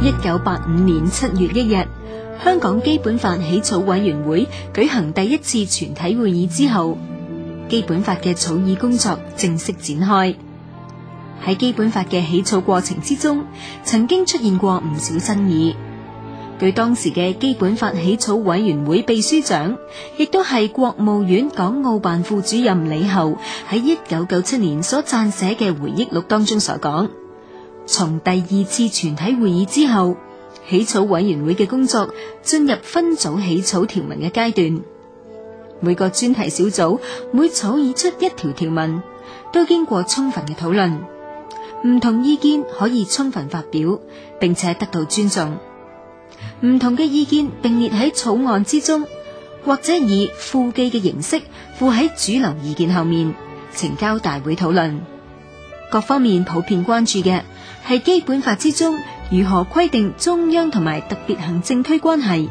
一九八五年七月一日，香港基本法起草委員會舉行第一次全體會議之後，基本法嘅草擬工作正式展開。喺基本法嘅起草過程之中，曾經出現過唔少爭議。據當時嘅基本法起草委員會秘書長，亦都係國務院港澳辦副主任李後喺一九九七年所撰寫嘅回憶錄當中所講。從第二次全體會議之後，起草委員會嘅工作進入分組起草條文嘅階段。每個專題小組每草擬出一條條文，都經過充分嘅討論，唔同意見可以充分發表，並且得到尊重。唔同嘅意見並列喺草案之中，或者以副記嘅形式附喺主流意見後面，呈交大會討論。各方面普遍關注嘅。喺基本法之中，如何規定中央同埋特別行政區關係？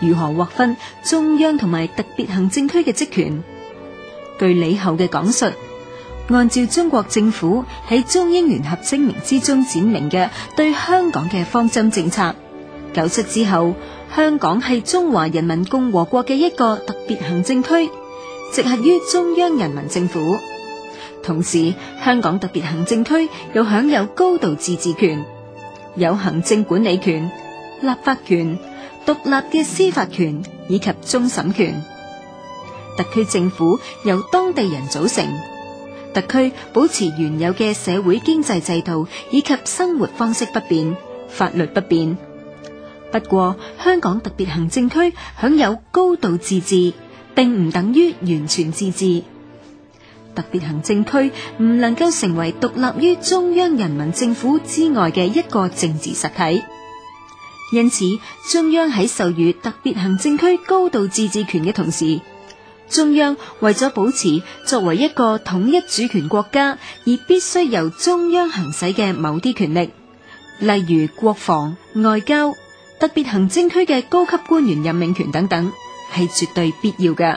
如何劃分中央同埋特別行政區嘅職權？據李后嘅講述，按照中國政府喺中英聯合聲明之中展明嘅對香港嘅方針政策，九七之後，香港係中華人民共和國嘅一個特別行政區，直轄於中央人民政府。同時，香港特別行政區又享有高度自治權、有行政管理權、立法權、獨立嘅司法權以及終審權。特區政府由當地人組成，特區保持原有嘅社會經濟制度以及生活方式不變、法律不變。不過，香港特別行政區享有高度自治，並唔等於完全自治。特別行政區唔能夠成為獨立於中央人民政府之外嘅一個政治實體，因此中央喺授予特別行政區高度自治權嘅同時，中央為咗保持作為一個統一主權國家而必須由中央行使嘅某啲權力，例如國防、外交、特別行政區嘅高級官員任命權等等，係絕對必要嘅。